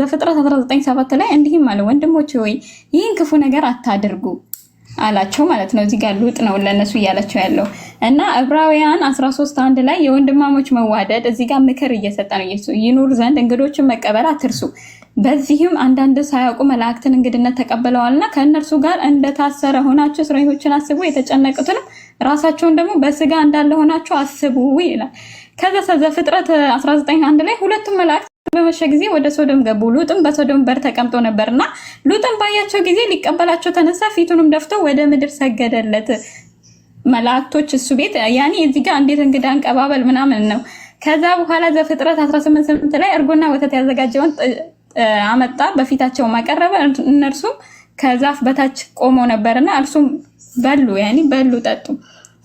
ዘፍጥረት 19፡7 ላይ እንዲህም አለ፣ ወንድሞች ሆይ ይህን ክፉ ነገር አታድርጉ አላቸው ማለት ነው። እዚህ ጋር ሉጥ ነው ለእነሱ እያላቸው ያለው እና ዕብራውያን 13፡1 ላይ የወንድማሞች መዋደድ እዚህ ጋር ምክር እየሰጠ ነው። ይኑር ዘንድ እንግዶችን መቀበል አትርሱ። በዚህም አንዳንድ ሳያውቁ መላእክትን እንግድነት ተቀብለዋልና ከእነርሱ ጋር እንደታሰረ ሆናችሁ እስረኞችን አስቡ፣ የተጨነቁትንም ራሳቸውን ደግሞ በስጋ እንዳለ ሆናችሁ አስቡ ይላል። ከዛ ዘፍጥረት 19፡1 ላይ ሁለቱም መላእክት በመሸ ጊዜ ወደ ሶዶም ገቡ። ሉጥም በሶዶም በር ተቀምጦ ነበርና ሉጥም ባያቸው ጊዜ ሊቀበላቸው ተነሳ፣ ፊቱንም ደፍቶ ወደ ምድር ሰገደለት። መላእክቶች እሱ ቤት ያኔ እዚህ ጋር እንዴት እንግዳ አንቀባበል ምናምን ነው። ከዛ በኋላ ዘፍጥረት 18 ላይ እርጎና ወተት ያዘጋጀውን አመጣ፣ በፊታቸው አቀረበ። እነርሱም ከዛፍ በታች ቆመው ነበርና እርሱም በሉ ያኔ በሉ ጠጡ።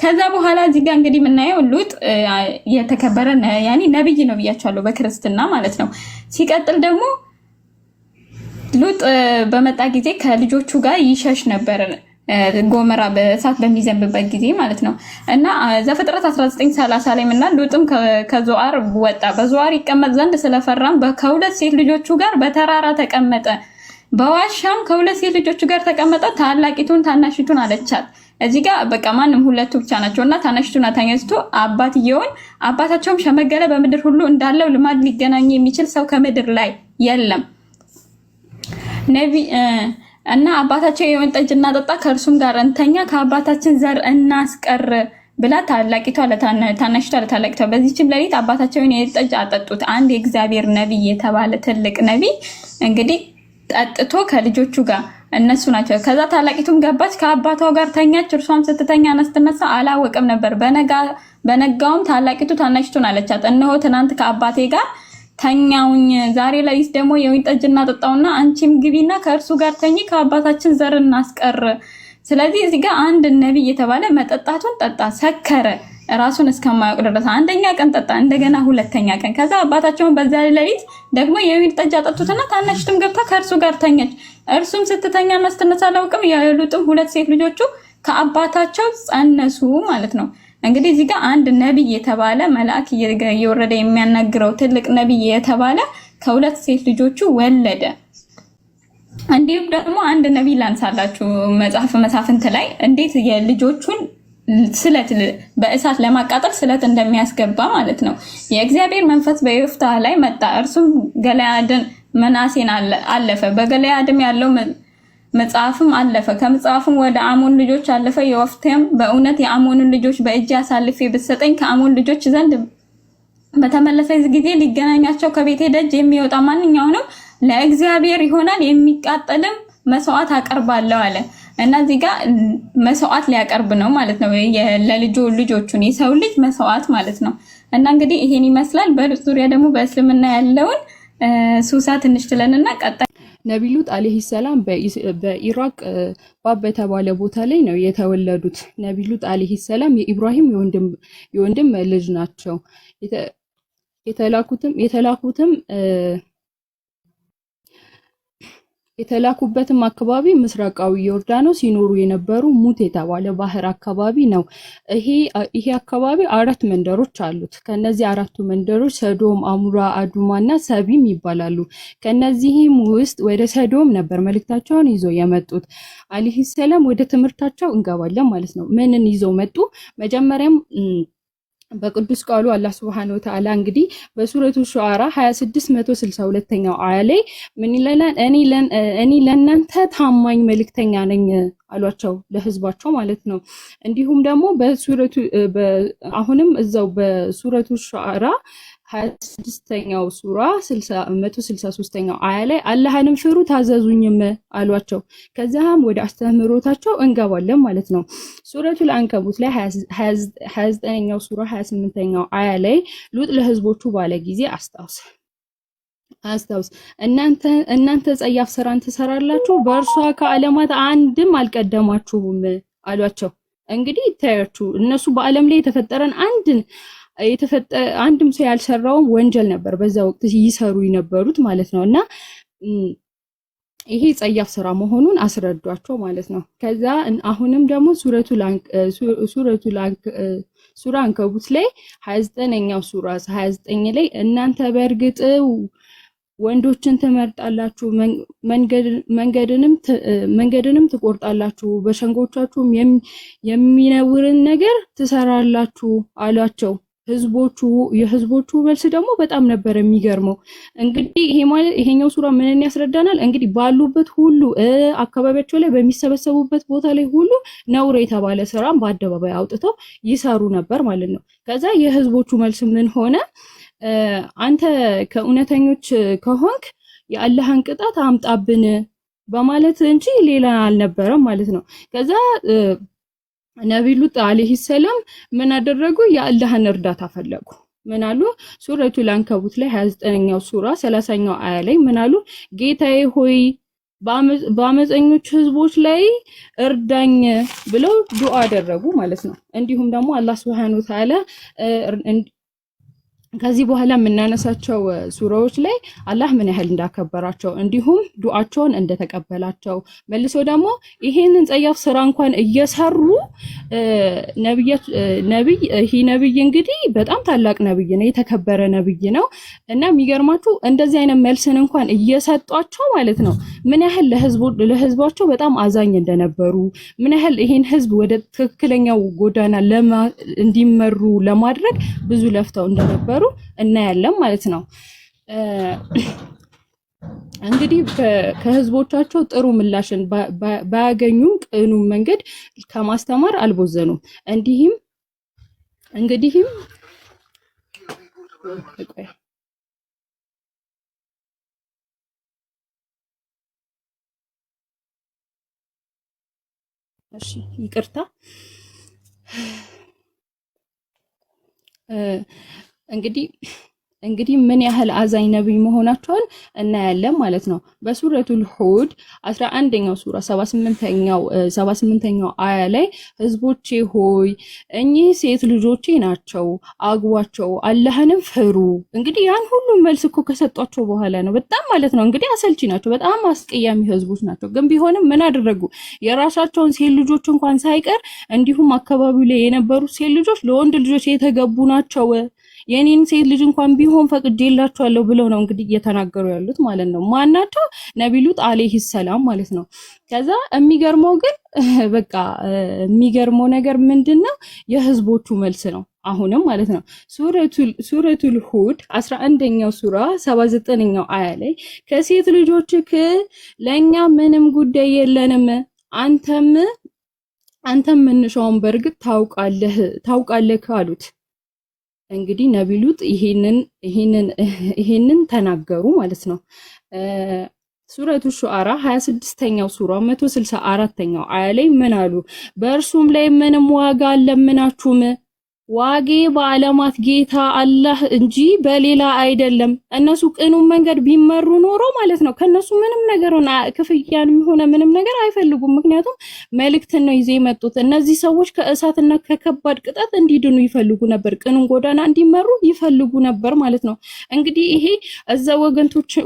ከዛ በኋላ እዚህ ጋር እንግዲህ የምናየው ሉጥ የተከበረ ያኔ ነብይ ነው ብያቸዋለሁ፣ በክርስትና ማለት ነው። ሲቀጥል ደግሞ ሉጥ በመጣ ጊዜ ከልጆቹ ጋር ይሸሽ ነበር፣ ጎመራ በእሳት በሚዘንብበት ጊዜ ማለት ነው። እና ዘፍጥረት 1930 ላይ ምና ሉጥም ከዞአር ወጣ፣ በዞአር ይቀመጥ ዘንድ ስለፈራም ከሁለት ሴት ልጆቹ ጋር በተራራ ተቀመጠ። በዋሻም ከሁለት ሴት ልጆቹ ጋር ተቀመጠ። ታላቂቱን ታናሽቱን አለቻት እዚህ ጋር በቃ ማንም ሁለቱ ብቻ ናቸው እና ታናሽቱና ተነስቶ አባትየውን አባታቸውም ሸመገለ በምድር ሁሉ እንዳለው ልማድ ሊገናኝ የሚችል ሰው ከምድር ላይ የለም እና አባታቸው የወይን ጠጅ እናጠጣ ከእርሱም ጋር እንተኛ ከአባታችን ዘር እናስቀር ብላ ታላቂቷ ታናሽቷ ለታላቂቷ በዚችም ሌሊት አባታቸውን የወይን ጠጅ አጠጡት። አንድ የእግዚአብሔር ነቢይ የተባለ ትልቅ ነቢይ እንግዲህ ጠጥቶ ከልጆቹ ጋር እነሱ ናቸው። ከዛ ታላቂቱም ገባች ከአባቷ ጋር ተኛች። እርሷም ስትተኛ ነስትነሳ አላወቅም ነበር። በነጋውም ታላቂቱ ታናሽቱን አለቻት፣ እነሆ ትናንት ከአባቴ ጋር ተኛውኝ፣ ዛሬ ላይስ ደግሞ የወይን ጠጅ እናጠጣውና አንቺም ግቢና ከእርሱ ጋር ተኝ፣ ከአባታችን ዘር እናስቀር ስለዚህ እዚህ ጋር አንድ ነቢይ የተባለ መጠጣቱን ጠጣ፣ ሰከረ ራሱን እስከማያውቅ ድረስ አንደኛ ቀን ጠጣ፣ እንደገና ሁለተኛ ቀን። ከዛ አባታቸውን በዛ ሌሊት ደግሞ የወይን ጠጅ አጠጡትና ታናሽቱም ገብታ ከእርሱ ጋር ተኛች። እርሱም ስትተኛና ስትነሳ አላውቅም። የሉጥም ሁለት ሴት ልጆቹ ከአባታቸው ጸነሱ ማለት ነው። እንግዲህ እዚህ ጋር አንድ ነቢይ የተባለ መልአክ እየወረደ የሚያናግረው ትልቅ ነቢይ የተባለ ከሁለት ሴት ልጆቹ ወለደ። እንዲሁም ደግሞ አንድ ነቢይ ላንሳላችሁ። መጽሐፍ መሳፍንት ላይ እንዴት የልጆቹን ስለት በእሳት ለማቃጠል ስለት እንደሚያስገባ ማለት ነው። የእግዚአብሔር መንፈስ በዮፍታህ ላይ መጣ፣ እርሱም ገለያድን መናሴን አለፈ፣ በገለያድም ያለው መጽሐፍም አለፈ። ከመጽሐፍም ወደ አሞን ልጆች አለፈ። የወፍቴም በእውነት የአሞንን ልጆች በእጅ አሳልፌ ብትሰጠኝ ከአሞን ልጆች ዘንድ በተመለሰ ጊዜ ሊገናኛቸው ከቤቴ ደጅ የሚወጣ ማንኛውንም ለእግዚአብሔር ይሆናል የሚቃጠልም መስዋዕት አቀርባለሁ አለ እና እዚህ ጋር መስዋዕት ሊያቀርብ ነው ማለት ነው። ለልጆ ልጆቹን የሰው ልጅ መስዋዕት ማለት ነው። እና እንግዲህ ይሄን ይመስላል። በዙሪያ ደግሞ በእስልምና ያለውን ሱሳ ትንሽ ትለንና ቀጣይ ነቢዩ ሉጥ አለይሂ ሰላም በኢራቅ ባብ በተባለ ቦታ ላይ ነው የተወለዱት። ነቢዩ ሉጥ አለይሂ ሰላም የኢብራሂም የወንድም ልጅ ናቸው። የተላኩትም የተላኩበትም አካባቢ ምስራቃዊ ዮርዳኖስ ሲኖሩ የነበሩ ሙት የተባለ ባህር አካባቢ ነው። ይሄ አካባቢ አራት መንደሮች አሉት። ከነዚህ አራቱ መንደሮች ሰዶም፣ አሙራ፣ አዱማ እና ሰቢም ይባላሉ። ከነዚህም ውስጥ ወደ ሰዶም ነበር መልእክታቸውን ይዞ የመጡት አለይሂ ሰላም። ወደ ትምህርታቸው እንገባለን ማለት ነው። ምንን ይዘው መጡ? መጀመሪያም በቅዱስ ቃሉ አላህ ስብሐነ ወተዓላ እንግዲህ በሱረቱ ሹዓራ 2662ኛው አያ ላይ ምን ይለናል? እኔ ለእናንተ ታማኝ መልእክተኛ ነኝ አሏቸው ለህዝባቸው ማለት ነው። እንዲሁም ደግሞ በሱረቱ አሁንም እዛው በሱረቱ ሹዓራ 26ኛው ሱራ መቶ ኛው አያ ላይ አላህንም ፍሩ ታዘዙኝም አሏቸው። ከዚያም ወደ አስተምህሮታቸው እንገባለን ማለት ነው። ሱረቱል አንከቡት ላይ 29ኛው ሱራ 28ኛው አያ ላይ ሉጥ ለህዝቦቹ ባለ ጊዜ አስታውስ አስታውስ እናንተ ጸያፍ ስራን ትሰራላችሁ፣ በእርሷ ከዓለማት አንድም አልቀደማችሁም አሏቸው። እንግዲህ ይታያችሁ እነሱ በዓለም ላይ የተፈጠረን አንድን የተፈጠ አንድም ሰው ያልሰራውም ወንጀል ነበር በዛ ወቅት ይሰሩ የነበሩት ማለት ነው። እና ይሄ ጸያፍ ስራ መሆኑን አስረዷቸው ማለት ነው። ከዛ አሁንም ደግሞ ሱረቱ ሱረቱ ሱራ አንከቡት ላይ 29ኛው ሱራ 29 ላይ እናንተ በእርግጥ ወንዶችን ትመርጣላችሁ መንገድንም ትቆርጣላችሁ በሸንጎቻችሁም የሚነውርን ነገር ትሰራላችሁ አሏቸው። ህዝቦቹ የህዝቦቹ መልስ ደግሞ በጣም ነበር የሚገርመው። እንግዲህ ይሄኛው ሱራ ምንን ያስረዳናል? እንግዲህ ባሉበት ሁሉ አካባቢያቸው ላይ በሚሰበሰቡበት ቦታ ላይ ሁሉ ነውር የተባለ ስራም በአደባባይ አውጥተው ይሰሩ ነበር ማለት ነው። ከዛ የህዝቦቹ መልስ ምን ሆነ? አንተ ከእውነተኞች ከሆንክ የአላህን ቅጣት አምጣብን በማለት እንጂ ሌላ አልነበረም ማለት ነው። ከዛ ነቢዩ ሉጥ አለይሂ ሰላም ምን አደረጉ? የአላህን እርዳታ ፈለጉ። ምን አሉ? ሱረቱ ላንከቡት ላይ 29ኛው ሱራ 30ኛው አያ ላይ ምን አሉ? ጌታዬ ሆይ በአመፀኞች ህዝቦች ላይ እርዳኝ ብለው ዱዓ አደረጉ ማለት ነው። እንዲሁም ደግሞ አላህ ሱብሃነሁ ወተዓላ ከዚህ በኋላ የምናነሳቸው ሱራዎች ላይ አላህ ምን ያህል እንዳከበራቸው እንዲሁም ዱዓቸውን እንደተቀበላቸው መልሶ ደግሞ ይሄንን ጸያፍ ስራ እንኳን እየሰሩ ነብይ ይህ ነብይ እንግዲህ በጣም ታላቅ ነብይ ነው፣ የተከበረ ነብይ ነው እና የሚገርማችሁ እንደዚህ አይነት መልስን እንኳን እየሰጧቸው ማለት ነው ምን ያህል ለህዝባቸው በጣም አዛኝ እንደነበሩ ምን ያህል ይሄን ህዝብ ወደ ትክክለኛው ጎዳና እንዲመሩ ለማድረግ ብዙ ለፍተው እንደነበሩ ሲጀመሩ እናያለን ማለት ነው። እንግዲህ ከህዝቦቻቸው ጥሩ ምላሽን ባያገኙም ቅኑ መንገድ ከማስተማር አልቦዘኑም። እንዲህም እንግዲህም እሺ ይቅርታ እንግዲህ እንግዲህ ምን ያህል አዛኝ ነቢይ መሆናቸውን እናያለን ማለት ነው። በሱረቱል ሁድ 11ኛው ሱራ 78ኛው 78ኛው አያ ላይ ህዝቦቼ ሆይ እኚህ ሴት ልጆቼ ናቸው፣ አግቧቸው፣ አላህንም ፍሩ። እንግዲህ ያን ሁሉ መልስ እኮ ከሰጧቸው በኋላ ነው። በጣም ማለት ነው እንግዲህ አሰልቺ ናቸው፣ በጣም አስቀያሚ ህዝቦች ናቸው። ግን ቢሆንም ምን አደረጉ? የራሳቸውን ሴት ልጆች እንኳን ሳይቀር እንዲሁም አካባቢው ላይ የነበሩ ሴት ልጆች ለወንድ ልጆች የተገቡ ናቸው የኔን ሴት ልጅ እንኳን ቢሆን ፈቅጄላችኋለሁ ብለው ነው እንግዲህ እየተናገሩ ያሉት ማለት ነው። ማናቸው ነቢሉት አለይሂ ሰላም ማለት ነው። ከዛ የሚገርመው ግን በቃ የሚገርመው ነገር ምንድን ነው የህዝቦቹ መልስ ነው። አሁንም ማለት ነው ሱረቱል ሁድ አስራ አንደኛው ሱራ ሰባ ዘጠነኛው አያ ላይ ከሴት ልጆችክ ለእኛ ምንም ጉዳይ የለንም አንተም አንተም ምንሻውን በእርግጥ ታውቃለህ ታውቃለህ አሉት። እንግዲህ ነቢሉጥ ሉጥ ይሄንን ተናገሩ ማለት ነው። ሱረቱ ሹዓራ 26ኛው ሱራ 164ኛው አያ ላይ ምን አሉ? በእርሱም ላይ ምንም ዋጋ አልለምናችሁም ዋጌ በዓለማት ጌታ አላህ እንጂ በሌላ አይደለም። እነሱ ቅኑን መንገድ ቢመሩ ኖሮ ማለት ነው ከነሱ ምንም ነገር ክፍያን የሆነ ምንም ነገር አይፈልጉም። ምክንያቱም መልእክትን ነው ይዘው የመጡት። እነዚህ ሰዎች ከእሳትና ከከባድ ቅጣት እንዲድኑ ይፈልጉ ነበር፣ ቅኑን ጎዳና እንዲመሩ ይፈልጉ ነበር ማለት ነው። እንግዲህ ይሄ እዛ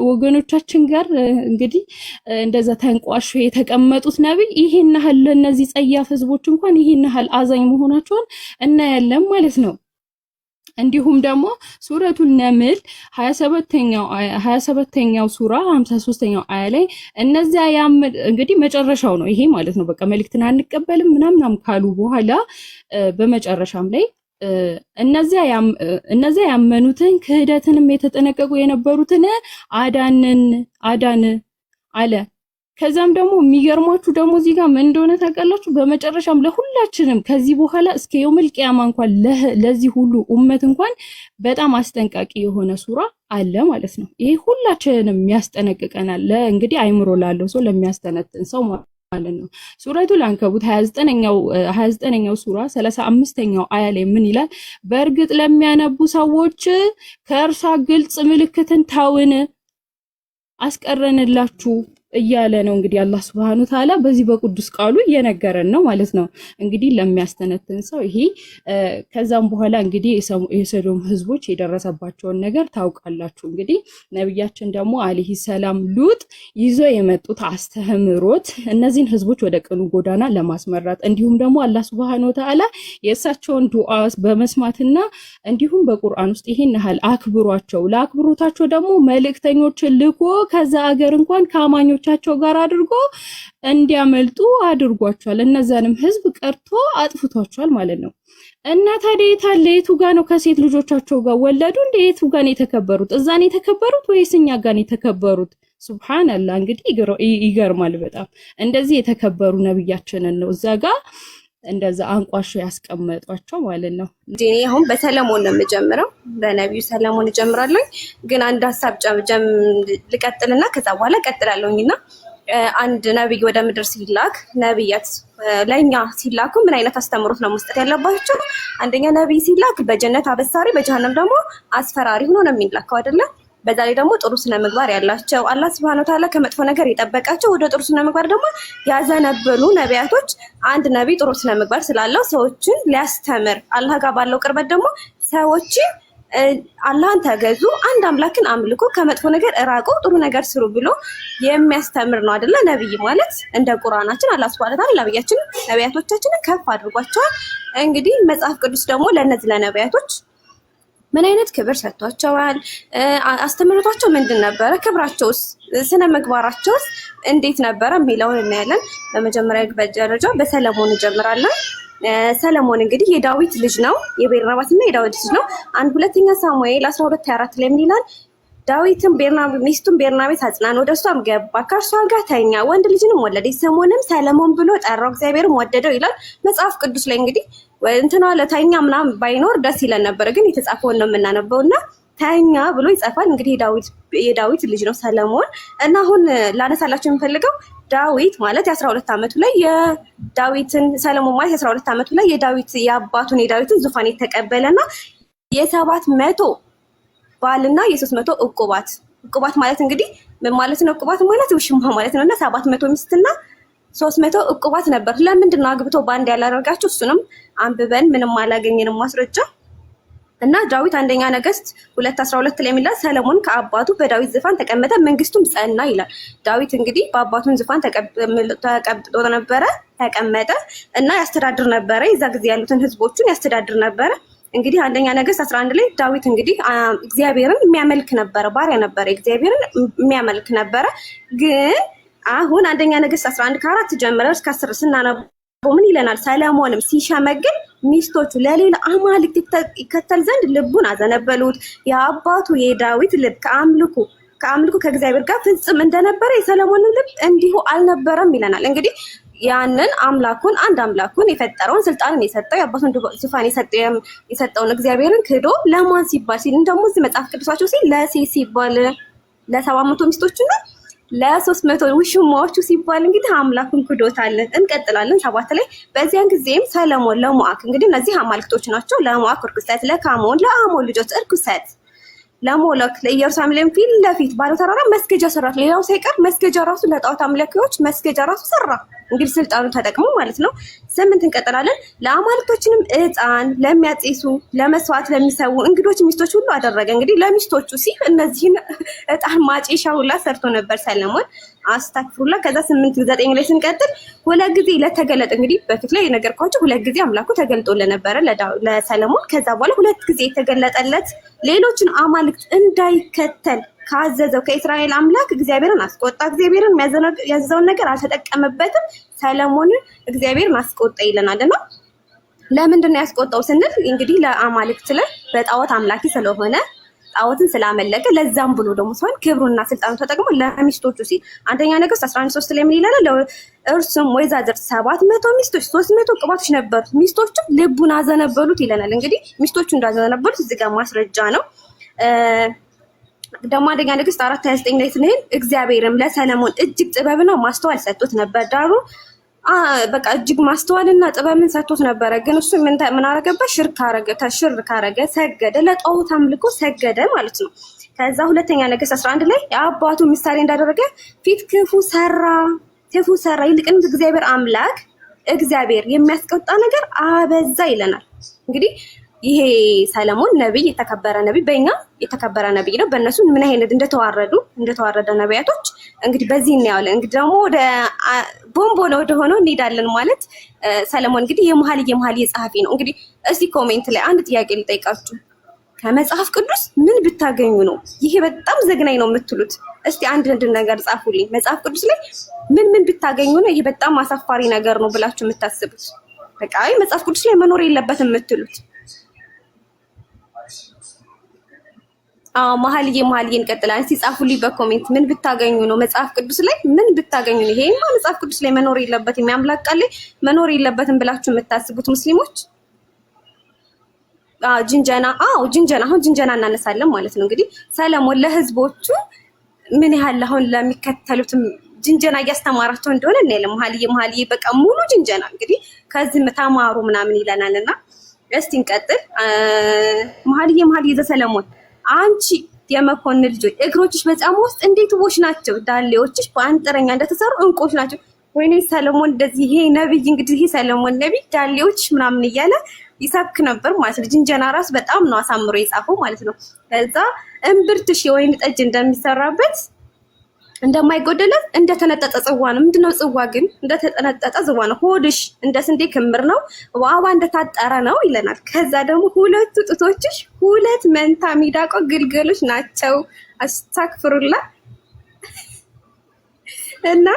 ወገኖቻችን ጋር እንግዲህ እንደዛ ተንቋሾ የተቀመጡት ነቢይ ይሄን ያህል ለእነዚህ ጸያፍ ህዝቦች እንኳን ይሄን ያህል አዛኝ መሆናቸውን እናያለን። ማለት ነው። እንዲሁም ደግሞ ሱረቱን ነምል 27ኛው 27ኛው ሱራ 53ኛው አያ ላይ እነዚያ እንግዲህ መጨረሻው ነው ይሄ ማለት ነው። በቃ መልእክትን አንቀበልም ምናምናም ካሉ በኋላ በመጨረሻም ላይ እነዚያ ያመኑትን ክህደትንም የተጠነቀቁ የነበሩትን አዳንን አዳን አለ ከዛም ደግሞ የሚገርማችሁ ደግሞ እዚህ ጋር ምን እንደሆነ ታውቃላችሁ? በመጨረሻም ለሁላችንም ከዚህ በኋላ እስከ የውመል ቂያማ እንኳን ለዚህ ሁሉ ኡመት እንኳን በጣም አስጠንቃቂ የሆነ ሱራ አለ ማለት ነው። ይሄ ሁላችንም የሚያስጠነቅቀናል። ለእንግዲህ አይምሮ ላለው ሰው ለሚያስተነትን ሰው ማለት ነው። ሱረቱ ላንከቡት 29 ሱራ 35 አምስተኛው አያ ላይ ምን ይላል? በእርግጥ ለሚያነቡ ሰዎች ከእርሷ ግልጽ ምልክትን ታውን አስቀረንላችሁ እያለ ነው እንግዲህ አላህ ስብሐኑ ተዓላ በዚህ በቅዱስ ቃሉ እየነገረን ነው ማለት ነው። እንግዲህ ለሚያስተነትን ሰው ይሄ ከዛም በኋላ እንግዲህ የሰዶም ህዝቦች የደረሰባቸውን ነገር ታውቃላችሁ። እንግዲህ ነቢያችን ደግሞ አለይሂ ሰላም ሉጥ ይዞ የመጡት አስተምህሮት እነዚህን ህዝቦች ወደ ቅኑ ጎዳና ለማስመራት እንዲሁም ደግሞ አላህ ስብሐኑ ተዓላ የእሳቸውን ዱዓ በመስማትና እንዲሁም በቁርአን ውስጥ ይሄን ያህል አክብሯቸው፣ ለአክብሮታቸው ደግሞ መልእክተኞችን ልኮ ከዛ አገር እንኳን ከአማኞች ከጓደኞቻቸው ጋር አድርጎ እንዲያመልጡ አድርጓቸዋል። እነዛንም ህዝብ ቀርቶ አጥፍቷቸዋል ማለት ነው። እና ታዲያ የታለ የቱ ጋ ነው ከሴት ልጆቻቸው ጋር ወለዱ እንደ የቱ ጋ ነው የተከበሩት? እዛ ነው የተከበሩት ወይስ እኛ ጋ ነው የተከበሩት? ሱብሃንአላህ እንግዲህ ይገርማል በጣም እንደዚህ የተከበሩ ነብያችንን ነው እዛ ጋር እንደዛ አንቋሾ ያስቀመጧቸው ማለት ነው። እኔ አሁን በሰለሞን ነው የምጀምረው፣ በነቢዩ ሰለሞን እጀምራለሁ። ግን አንድ ሀሳብ ልቀጥልና ከዛ በኋላ ቀጥላለሁኝ እና አንድ ነቢይ ወደ ምድር ሲላክ ነቢያት ለእኛ ሲላኩ ምን አይነት አስተምሮት ነው መስጠት ያለባቸው? አንደኛ ነቢይ ሲላክ በጀነት አበሳሪ፣ በጀሃነም ደግሞ አስፈራሪ ሆኖ ነው የሚላከው አይደለም። በዛ ላይ ደግሞ ጥሩ ስነ ምግባር ያላቸው አላህ ሱብሃነሁ ወተዓላ ከመጥፎ ነገር የጠበቃቸው ወደ ጥሩ ስነ ምግባር ደግሞ ያዘነበሉ ነቢያቶች። አንድ ነቢይ ጥሩ ስነ ምግባር ስላለው ሰዎችን ሊያስተምር አላህ ጋር ባለው ቅርበት ደግሞ ሰዎችን አላህን ተገዙ፣ አንድ አምላክን አምልኩ፣ ከመጥፎ ነገር እራቁ፣ ጥሩ ነገር ስሩ ብሎ የሚያስተምር ነው አይደለ? ነብይ ማለት እንደ ቁርአናችን አላህ ሱብሃነሁ ወተዓላ ነብያችን ነቢያቶቻችንን ከፍ አድርጓቸዋል። እንግዲህ መጽሐፍ ቅዱስ ደግሞ ለእነዚህ ለነቢያቶች ምን አይነት ክብር ሰጥቷቸዋል? አስተምህሮታቸው ምንድን ነበረ? ክብራቸውስ፣ ስነ ምግባራቸውስ እንዴት ነበረ የሚለውን እናያለን። በመጀመሪያ ደረጃ በሰለሞን እንጀምራለን። ሰለሞን እንግዲህ የዳዊት ልጅ ነው፣ እና የዳዊት ልጅ ነው። አንድ ሁለተኛ ሳሙኤል 12 24 ላይ ምን ይላል? ዳዊትም ሚስቱን ቤርናቤት አጽናን፣ ወደ እሷም ገባ፣ ከእርሷ ጋር ተኛ፣ ወንድ ልጅንም ወለደ ስሙንም ሰለሞን ብሎ ጠራው፣ እግዚአብሔርም ወደደው ይላል መጽሐፍ ቅዱስ ላይ። እንግዲህ እንትና ለተኛ ምናምን ባይኖር ደስ ይለን ነበረ፣ ግን የተጻፈውን ነው የምናነበው እና ተኛ ብሎ ይጸፋል። እንግዲህ የዳዊት ልጅ ነው ሰለሞን። እና አሁን ላነሳላቸው የምፈልገው ዳዊት ማለት የአስራ ሁለት ዓመቱ ላይ የዳዊትን ሰለሞን ማለት የአስራ ሁለት ዓመቱ ላይ የዳዊት የአባቱን የዳዊትን ዙፋን የተቀበለና የሰባት መቶ ባልና የሶስት መቶ እቁባት እቁባት ማለት እንግዲህ ምን ማለት ነው? እቁባት ማለት ውሽማ ማለት ነው እና ሰባት መቶ ሚስትና ሶስት መቶ እቁባት ነበር። ለምንድን ነው አግብቶ በአንድ ያላደርጋችሁ? እሱንም አንብበን ምንም አላገኘንም ማስረጃ እና ዳዊት አንደኛ ነገስት ሁለት አስራ ሁለት ላይ የሚላል ሰለሞን ከአባቱ በዳዊት ዝፋን ተቀመጠ መንግስቱም ጸና ይላል። ዳዊት እንግዲህ በአባቱን ዝፋን ተቀምጦ ነበረ ተቀመጠ እና ያስተዳድር ነበረ። የዛ ጊዜ ያሉትን ህዝቦቹን ያስተዳድር ነበረ። እንግዲህ አንደኛ ነገሥት 11 ላይ ዳዊት እንግዲህ እግዚአብሔርን የሚያመልክ ነበረ፣ ባሪያ ነበረ፣ እግዚአብሔርን የሚያመልክ ነበረ። ግን አሁን አንደኛ ነገስት 11 አንድ ከአራት ጀምረ እስከ አስር ስናነቡ ምን ይለናል? ሰለሞንም ሲሸመግል ሚስቶቹ ለሌላ አማልክት ይከተል ዘንድ ልቡን አዘነበሉት። የአባቱ የዳዊት ልብ ከአምልኩ ከአምልኩ ከእግዚአብሔር ጋር ፍጽም እንደነበረ የሰለሞንን ልብ እንዲሁ አልነበረም ይለናል። እንግዲህ ያንን አምላኩን አንድ አምላኩን የፈጠረውን ስልጣንን የሰጠው የአባቱን ዙፋን የሰጠውን እግዚአብሔርን ክዶ ለማን ሲባል ሲል ደግሞ እዚህ መጽሐፍ ቅዱሳቸው ሲል ለሴ ሲባል ለሰባ መቶ ሚስቶች ሚስቶችና ለሶስት መቶ ውሽማዎቹ ሲባል እንግዲህ አምላኩን ክዶታለን። እንቀጥላለን ሰባት ላይ በዚያን ጊዜም ሰለሞን ለሞአክ እንግዲህ እነዚህ አማልክቶች ናቸው። ለሞአክ እርኩሰት፣ ለካሞን ለአሞን ልጆች እርኩሰት ለሞለክ ለኢየሩሳሌም ሚሊዮን ፊት ለፊት ባለ ተራራ መስገጃ ሰራት። ሌላው ሳይቀር መስገጃ ራሱ ለጣዖት አምላኪዎች መስገጃ ራሱ ሰራ። እንግዲህ ስልጣኑ ተጠቅሞ ማለት ነው። ስምንት እንቀጥላለን። ለአማልክቶችንም እጣን ለሚያጤሱ ለመስዋዕት ለሚሰዉ እንግዶች ሚስቶች ሁሉ አደረገ። እንግዲህ ለሚስቶቹ ሲል እነዚህን እጣን ማጨሻ ሁላ ሰርቶ ነበር ሰለሞን። አስታክፍሩላ ከዛ ስምንት ዘጠኝ ላይ ስንቀጥል ሁለት ጊዜ ለተገለጠ እንግዲህ በፊት ላይ የነገርኳቸው ሁለት ጊዜ አምላኩ ተገልጦ ለነበረ ለሰለሞን ከዛ በኋላ ሁለት ጊዜ የተገለጠለት ሌሎችን አማልክት እንዳይከተል ካዘዘው ከእስራኤል አምላክ እግዚአብሔርን አስቆጣ። እግዚአብሔርን ያዘዘውን ነገር አልተጠቀመበትም። ሰለሞንን እግዚአብሔርን አስቆጣ ይለናል እና ለምንድን ነው ያስቆጣው ስንል እንግዲህ ለአማልክት ላይ በጣዖት አምላኪ ስለሆነ ጣዖትን ስላመለከ ለዛም ብሎ ደግሞ ሲሆን ክብሩና ስልጣኑ ተጠቅሞ ለሚስቶቹ ሲል አንደኛ ነገሥት 11 3 ላይ ምን ይላል? እርሱም ወይዛዝር ሰባት መቶ ሚስቶች ሶስት መቶ ቅባቶች ነበሩት፣ ሚስቶቹም ልቡን አዘነበሉት ይለናል። እንግዲህ ሚስቶቹ እንዳዘነበሉት እዚህ ጋር ማስረጃ ነው። ደግሞ አንደኛ ነገስ አራት 29 ላይ ስንሄድ እግዚአብሔርም ለሰለሞን እጅግ ነው ማስተዋል ሰጥቶት ነበር ዳሩ በቃ እጅግ ማስተዋልና ጥበብን ሰጥቶት ነበረ። ግን እሱ ምን አረገበት? ሽርክ አረገ። ተሽርክ ሰገደ፣ ለጣዖት አምልኮ ሰገደ ማለት ነው። ከዛ ሁለተኛ ነገሥት 11 ላይ የአባቱ ምሳሌ እንዳደረገ ፊት ክፉ ሰራ፣ ክፉ ሰራ። ይልቅን እግዚአብሔር አምላክ እግዚአብሔር የሚያስቆጣ ነገር አበዛ ይለናል። እንግዲህ ይሄ ሰለሞን ነቢይ የተከበረ ነቢይ በእኛ የተከበረ ነቢይ ነው። በእነሱ ምን አይነት እንደተዋረዱ እንደተዋረደ ነቢያቶች እንግዲህ በዚህ እናያለን። እንግዲህ ደግሞ ወደ ነው ወደ ሆነው እንሄዳለን ማለት ሰለሞን እንግዲህ የመሀል የመሀል የጸሐፊ ነው። እንግዲህ እስቲ ኮሜንት ላይ አንድ ጥያቄ ልጠይቃችሁ። ከመጽሐፍ ቅዱስ ምን ብታገኙ ነው ይሄ በጣም ዘግናኝ ነው የምትሉት? እስቲ አንድ አንድ ነገር ጻፉልኝ። መጽሐፍ ቅዱስ ላይ ምን ምን ብታገኙ ነው ይሄ በጣም አሳፋሪ ነገር ነው ብላችሁ የምታስቡት? በቃ መጽሐፍ ቅዱስ ላይ መኖር የለበትም የምትሉት መሀልዬ መሀልዬ እንቀጥላለን። እስቲ ጻፉልኝ በኮሜንት ምን ብታገኙ ነው መጽሐፍ ቅዱስ ላይ ምን ብታገኙ ነው? ይሄማ መጽሐፍ ቅዱስ ላይ መኖር የለበትም የአምላክ ቃል ላይ መኖር የለበትም ብላችሁ የምታስቡት ሙስሊሞች ጅንጀና አዎ ጅንጀና አሁን ጅንጀና እናነሳለን ማለት ነው። እንግዲህ ሰለሞን ለህዝቦቹ ምን ያህል አሁን ለሚከተሉትም ጅንጀና እያስተማራቸው እንደሆነ እናያለን። መሀልዬ መሀልዬ በቃ ሙሉ ጅንጀና እንግዲህ ከዚህ ተማሩ ምናምን ይለናል እና እስቲ እንቀጥል። መሀልዬ መሀልዬ ዘ ሰለሞን አንቺ የመኮንን ልጆች እግሮችሽ በጫማ ውስጥ እንዴት ውቦች ናቸው። ዳሌዎችሽ በአንጥረኛ እንደተሰሩ እንቆች ናቸው። ወይኔ ሰለሞን እንደዚህ ይሄ ነብይ እንግዲህ ይሄ ሰለሞን ነብይ ዳሌዎችሽ ምናምን እያለ ይሰብክ ነበር ማለት ነው። ጅንጀና ራሱ በጣም ነው አሳምሮ የጻፈው ማለት ነው። ከዛ እምብርትሽ የወይን ጠጅ እንደሚሰራበት እንደማይጎደለት እንደተነጠጠ ጽዋ ነው። ምንድነው ጽዋ ግን እንደተጠነጠጠ ጽዋ ነው። ሆድሽ እንደ ስንዴ ክምር ነው፣ ዋዋ እንደታጠረ ነው ይለናል። ከዛ ደግሞ ሁለቱ ጡቶችሽ ሁለት መንታ ሚዳቆ ግልገሎች ናቸው። አስታክፍሩላ እና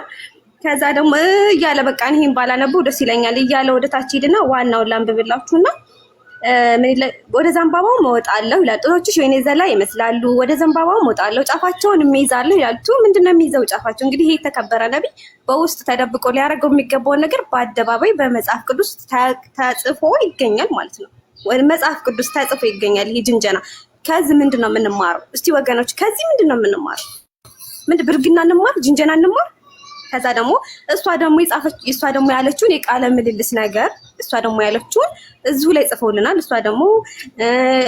ከዛ ደግሞ እያለ በቃ ይህን ባላነበው ደስ ይለኛል እያለ ወደታች ሄድና ዋናውን ላንብብላችሁና ወደ ዘንባባው መወጣለሁ ይላል። ጥሎችሽ ወይኔ ዘላ ይመስላሉ። ወደ ዘንባባው መወጣለሁ ጫፋቸውን የሚይዛለሁ ይላል። ምንድነው የሚይዘው ጫፋቸው? እንግዲህ ይሄ የተከበረ ነቢይ በውስጥ ተደብቆ ሊያደርገው የሚገባውን ነገር በአደባባይ በመጽሐፍ ቅዱስ ተጽፎ ይገኛል ማለት ነው። መጽሐፍ ቅዱስ ተጽፎ ይገኛል። ይሄ ጅንጀና ከዚህ ምንድን ነው የምንማረው? እስቲ ወገኖች ከዚህ ምንድን ነው የምንማረው? ምንድን ብርግና እንማር፣ ጅንጀና እንማር። ከዛ ደግሞ እሷ ደግሞ የጻፈች እሷ ደግሞ ያለችውን የቃለ ምልልስ ነገር እሷ ደግሞ ያለችውን እዚሁ ላይ ጽፈውልናል። እሷ ደግሞ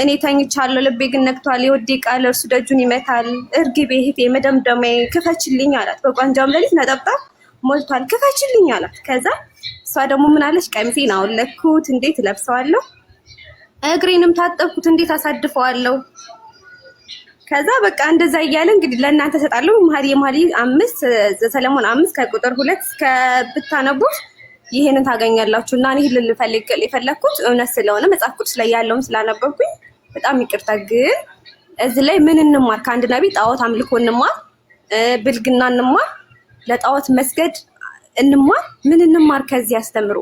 እኔ ተኝቻለሁ፣ ልቤ ግን ነግቷል፣ የወዴ ቃል እርሱ ደጁን ይመታል፣ እርግቤ እህቴ መደምደሜ ክፈችልኝ አላት። በቋንጃም ሌሊት ነጠብጣብ ሞልቷል፣ ክፈችልኝ አላት። ከዛ እሷ ደግሞ ምናለች አለች? ቀሚሴን እንዴት እለብሰዋለሁ? እግሬንም ታጠብኩት፣ እንዴት አሳድፈዋለሁ? ከዛ በቃ እንደዛ እያለ እንግዲህ ለእናንተ ሰጣለሁ። መሀል የመሀል አምስት ዘሰለሞን አምስት ከቁጥር ሁለት ከብታነቡት ይሄንን ታገኛላችሁ እና ይህ ልፈልግ የፈለግኩት እውነት ስለሆነ መጽሐፍ ቅዱስ ላይ ያለውን ስላነበብኩኝ በጣም ይቅርታ። ግን እዚህ ላይ ምን እንማር? ከአንድ ነቢይ ጣዖት አምልኮ እንማር፣ ብልግና እንማር፣ ለጣዖት መስገድ እንማር። ምን እንማር? ከዚህ ያስተምሩ